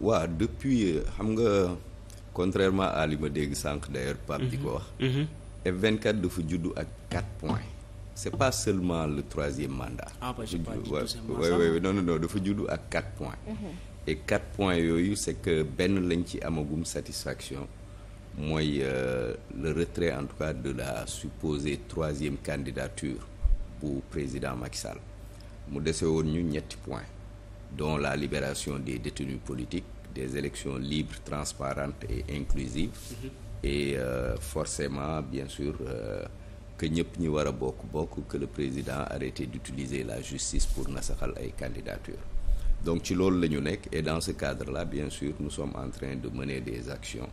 waa depuis xam nga contrairement à li dégg sànq d'ailleurs Pape di ko mhm. wax F24 mhm. dafa juddu ak quatre point c'est pas seulement le troisième mandat ah bah j'ai pas dit tout simplement dafa juddu ak quatre points mhm. et quatre point yooyu c'est que benn lañ ci amagum satisfaction mooy euh, le retrait en tout cas de la supposée troisième candidature bu président Macky Sall mu dese woon ñu ñetti point dont la libération des détenus politiques, des élections libres, transparentes et inclusives, mm -hmm. et euh, forcément, bien sûr, euh, que ñëpp ñi war a bokk bokk que le président arrête d'utiliser la justice pour nasaxal ay candidatures. donc ci loolu la ñu nekk et dans ce cadre-là bien sûr nous sommes en train de mener des actions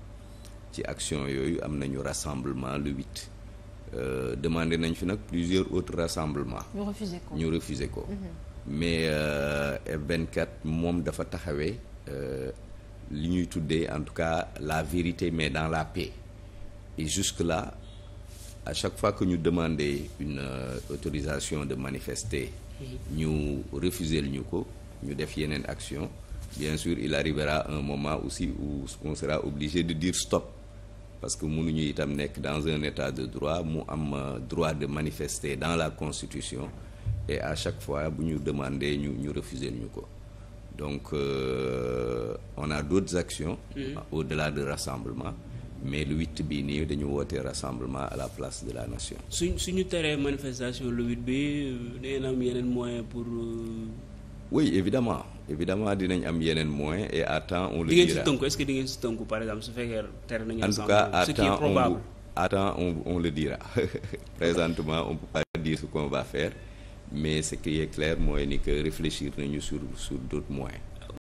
ci action yooyu am na ñu rassemblement le 8 euh, demandé nañ fi nag plusieurs autres rassemblements. ñu refuser ko mm-hmm. mais euh, F24 moom dafa taxawee euh, li ñuy tuddee en tout cas la vérité mais dans la paix et jusque là à chaque fois que ñu demandé une euh, autorisation de manifester ñu lu ñu ko ñu def yeneen action bien sûr il arrivera un moment aussi où on sera obligé de dire stop parce que mënuñu itam nekk dans un état de droit mu am droit de manifester dans la constitution et à chaque fois bu ñu demander ñu ñu refuser ñu ko donc euh, on a d'autres actions mmh. au-delà de rassemblement mais le huit bii nii dañu woote rassemblement à la place de la nation suñ suñu teree manifestation le huit bi dangeen euh, am yeneen moyen pour euh, oui évidemment évidemment dinañ am yeneen moyens et à temps on le dira di ngeen si tënku est-ce que di ngeen si tënku par exemple su fekkee tere nañu en tout cas à temps on à on on le dira présentement on peut pas dire ce faire mais ce qui est mooy ni que réfléchir nañu sur sur d'autres moyens